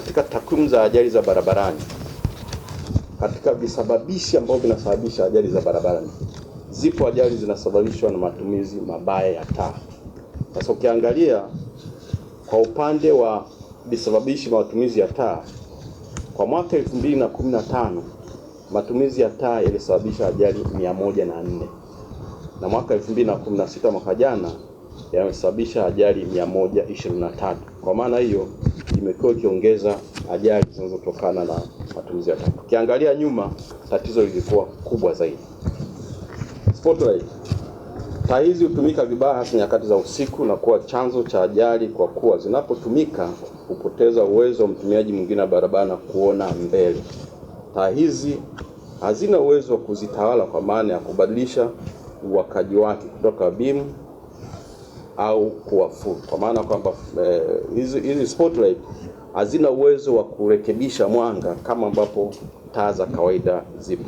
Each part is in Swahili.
katika takwimu za ajali za barabarani, katika visababishi ambavyo vinasababisha ajali za barabarani, zipo ajali zinasababishwa na matumizi mabaya ya taa. Sasa ukiangalia kwa upande wa visababishi matumizi ya taa, kwa mwaka 2015 matumizi ya taa yalisababisha ajali 104 na mwaka 2016 mwaka jana yamesababisha ajali 123. Kwa maana hiyo imekuwa ikiongeza ajali zinazotokana na matumizi ya taka. Ukiangalia nyuma, tatizo lilikuwa kubwa zaidi. Spotlight. Taa hizi hutumika vibaya hasa nyakati za usiku na kuwa chanzo cha ajali kwa kuwa zinapotumika hupoteza uwezo wa mtumiaji mwingine wa barabara kuona mbele. Taa hizi hazina uwezo wa kuzitawala kwa maana ya kubadilisha uwakaji wake kutoka bimu au kuwa full, kwa maana kwamba eh, hizi eh, spotlight hazina uwezo wa kurekebisha mwanga kama ambapo taa za kawaida zipo.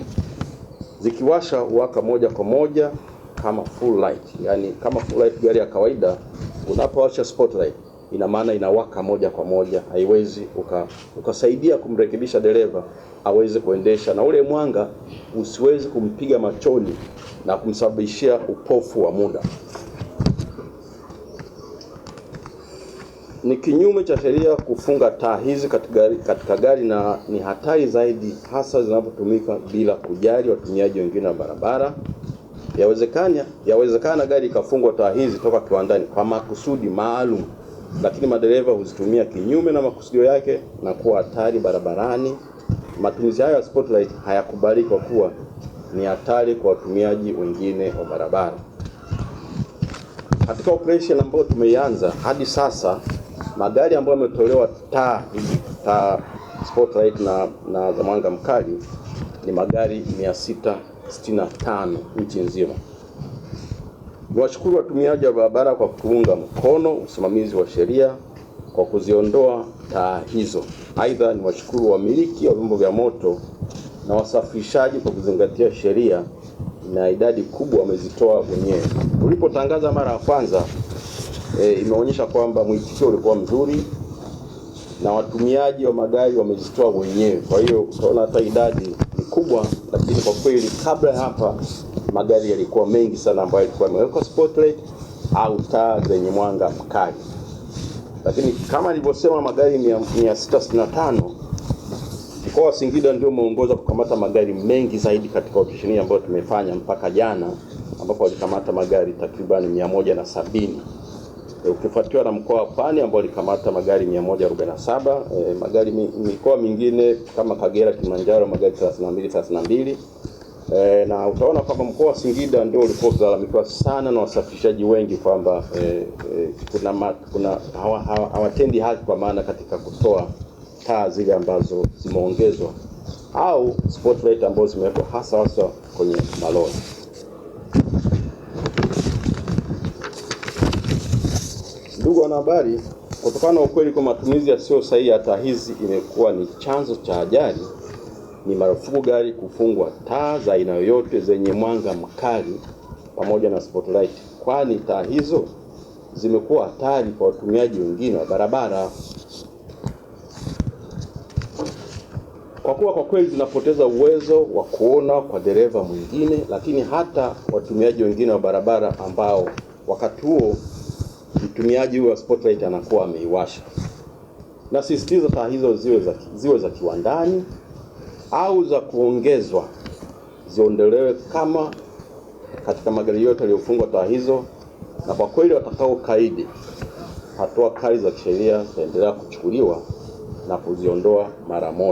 Zikiwasha huwaka moja kwa moja kama full light, yani kama full light gari ya kawaida. Unapowasha spotlight, ina maana inawaka moja kwa moja, haiwezi ukasaidia uka kumrekebisha dereva aweze kuendesha, na ule mwanga usiwezi kumpiga machoni na kumsababishia upofu wa muda. Ni kinyume cha sheria kufunga taa hizi katika, katika gari na ni hatari zaidi hasa zinapotumika bila kujali watumiaji wengine wa barabara. Yawezekana yawezekana gari ikafungwa taa hizi toka kiwandani kwa makusudi maalum, lakini madereva huzitumia kinyume na makusudio yake na kuwa hatari barabarani. Matumizi hayo ya spotlight hayakubaliki kwa kuwa ni hatari kwa watumiaji wengine wa barabara. Katika operation ambayo tumeianza hadi sasa magari ambayo yametolewa taa taa spotlight na na za mwanga mkali ni magari 665 nchi nzima. Niwashukuru watumiaji wa barabara kwa kuunga mkono usimamizi wa sheria kwa kuziondoa taa hizo. Aidha, niwashukuru wamiliki wa vyombo vya moto na wasafirishaji kwa kuzingatia sheria na idadi kubwa wamezitoa wenyewe. Ulipotangaza mara ya kwanza e, imeonyesha kwamba mwitikio ulikuwa mzuri na watumiaji wa magari wamejitoa wenyewe. Kwa hiyo utaona hata idadi ni kubwa, lakini kwa kweli kabla ya hapa magari yalikuwa mengi sana ambayo yalikuwa yamewekwa spotlight au taa zenye mwanga mkali, lakini kama nilivyosema magari 665 mkoa wa Singida ndio umeongoza kukamata magari mengi zaidi katika operesheni ambayo tumefanya mpaka jana, ambapo walikamata magari takribani mia moja na sabini e, ukifuatiwa na mkoa wa Pwani ambao ulikamata magari 147. E, eh, magari mikoa mingine kama Kagera, Kilimanjaro magari 32 32. E, na utaona kwamba mkoa wa Singida ndio ulikuwa ukilalamikiwa sana na wasafirishaji wengi kwamba e, e, kuna, kuna hawatendi hawa, hawa haki kwa maana katika kutoa taa zile ambazo zimeongezwa au spotlight ambazo zimewekwa hasa hasa kwenye malori. Ndugu wanahabari, kutokana na ukweli kwa matumizi yasiyo sahihi ya taa hizi imekuwa ni chanzo cha ajali, ni marufuku gari kufungwa taa za aina yoyote zenye mwanga mkali pamoja na spotlight, kwani taa hizo zimekuwa hatari kwa watumiaji wengine wa barabara, kwa kuwa kwa kweli zinapoteza uwezo wa kuona kwa dereva mwingine, lakini hata watumiaji wengine wa barabara ambao wakati huo mtumiaji huyu wa Spotlight anakuwa ameiwasha. Na sisitizo taa hizo ziwe za, ziwe za kiwandani au za kuongezwa, ziondolewe kama katika magari yote yaliyofungwa taa hizo, na kwa kweli watakao kaidi, hatua kali za kisheria zitaendelea kuchukuliwa na kuziondoa mara moja.